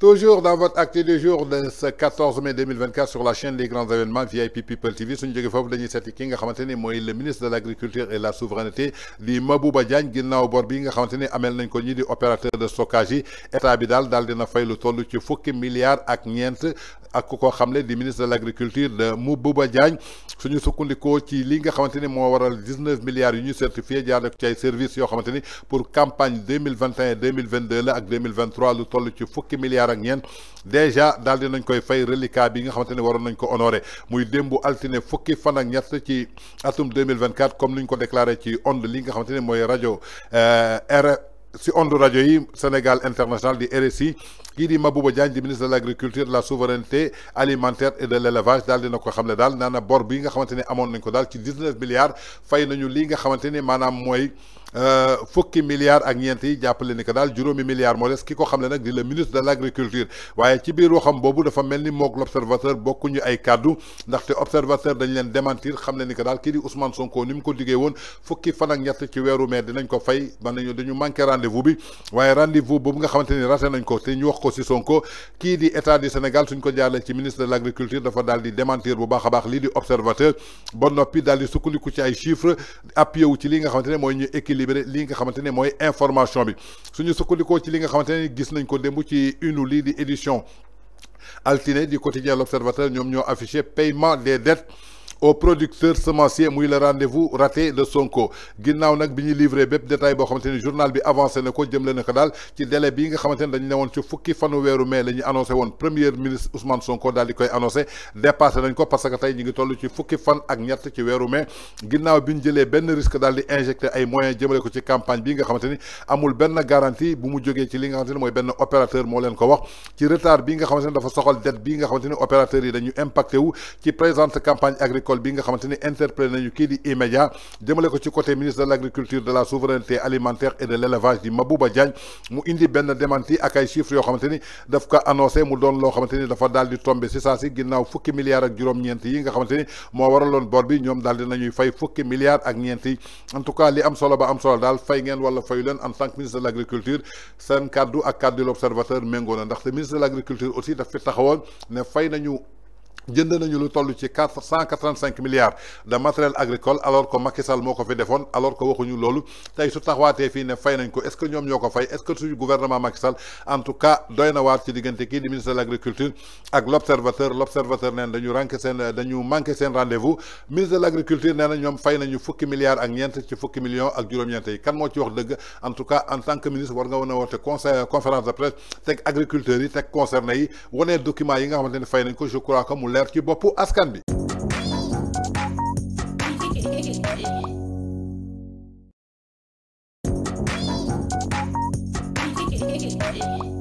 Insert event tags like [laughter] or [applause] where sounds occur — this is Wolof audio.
Toujours dans votre acte du jour de ce 14 mai 2024 sur la chaîne des grands événements VIP People TV suñu jógee foofu dañuy seeti ki nga xamante la Souveraineté, le ministre de l'Agriculture et et la souveraineté di Mabouba Diagne ginnaaw bor bi nga xamante ni de nañ ko de di opérateur de stockage de état bi de daal dina fay lu ci fukki milliards ak ñeent ak ko xamle di ministre de l'agriculture de Moubouba Diagne suñu sukkandiko ci li nga xamanteni mo waral 19 milliards yu ñu certifié jaar nak ci ay service yo xamanteni pour campagne 2021 2022 la ak 2023 lu toll ci fukki milliards ak ñen déjà dal di koy fay reliquat bi nga xamanteni waron nañ ko honorer muy dembu altiné fukki fan ak ñatt ci atum 2024 comme niñ ko déclarer ci onde li nga xamanteni moy radio euh si on radio yi Sénégal international di RSI qui dit Mabouba Diagne ministre de l'Agriculture, de la souveraineté alimentaire et de l'Élevage, d'Al dina ko xam dal nana bor bi nga xamanteni 19 milliards fay nañu li nga xamanteni fukki milliards ak ñeent yi jàppale ni que daal juróomi milliards moo des ki ko xam di le ministre de l' agriculture waaye ci biir waxam boobu dafa mel ni moog l' observateur bokkuñu ay kàddu ndaxte observateur dañ leen démentir xam ni que daal kii di Ousmane Sonko nim mu ko diggee woon fukki fan ak ñett ci weeru mai dinañ ko fay man nañu dañu manqué rendez-vous bi waaye rendez-vous boobu nga xamante raté nañ ko te ñu wax ko si Sonko kii di état du Sénégal suñ ko jaarale ci ministre de l' agriculture dafa daal di démentir bu baax a baax lii di observateur ba noppi daal di sukkandiku ci ay chiffres appuyé wu ci li nga xamante ne mooy ñu libéré li nga xamante ne information bi suñu sukkandikoo ci li nga xamante gis nañ ko dembu ci une ou di édition altiné du quotidien l'observateur ñom ñoo afficher paiement des dettes aux producteurs semenciers mouille le rendez-vous raté de Sonko Ginnaw nak biñu ñuy livré bépp détail bo xamante journal bi avancé nako jëm le nako dal ci délai bi nga xamante dañu néwon ci fukki fanu wéru mai lañu annoncé premier ministre Ousmane Sonko dal di koy annoncé dépassé nañ ko parce que tay ñu ngi tollu ci fukki fan ak ñett ci wéru mai ginnaw biñu jëlé ben risque dal di injecter ay moyens jëmale ko ci campagne bi nga xamante amul ben garantie bu mu joggé ci li nga xamante moy ben opérateur mo leen ko wax ci retard bi nga xamante dafa soxal dette bi nga xamante opérateur yi dañu impacté wu ci présente campagne agricole protocole bi nga xamanteni ni interpellé nañu kii di e jëmale ko ci côté ministre de l' agriculture de la souveraineté alimentaire et de l' élevage di Mabouba Diagne mu indi benn démenti ak ay chiffres yoo xamante daf ko annoncé mu doon loo xamanteni dafa daal di tombé si saa si ginnaaw fukki milliards ak juróom-ñeent yi nga xamanteni ni moo waraloon bor bi ñoom daal nañuy fay fukki milliards ak ñeent yi en tout cas li am solo ba am solo daal fay ngeen wala fayu leen en tant que ministre de l' agriculture seen kaddu ak kaddu l'observateur méngoo na ndaxte ministre de l' agriculture aussi daf fi taxawoon ne fay nañu jënd nañu lu tollu ci quatre cent milliards de matériel agricole alors que Macky Sall moko fi defone alors que waxuñu lolu tay su taxawaatee fi ne fay nañ ko est-ce que ñom ñoko fay est-ce que suñu gouvernement Macky Sall en tout cas doyna waat ci digënté ki di ministre de l'agriculture ak l'observateur l'observateur né dañu rank sen dañu manqué sen rendez-vous ministre de l'agriculture né na ñoom fay nañu fukki milliards ak ñent ci fukki millions ak juroom ñeent kan mo ci wax dëgg en tout cas en tant que ministre war nga wone wote conseil conférence de presse tek agriculteurs yi tek concerné yi wanee document yi nga xamante ne fay nañ ko je crois que mu leer ci boppu askan bi Thank [laughs] you.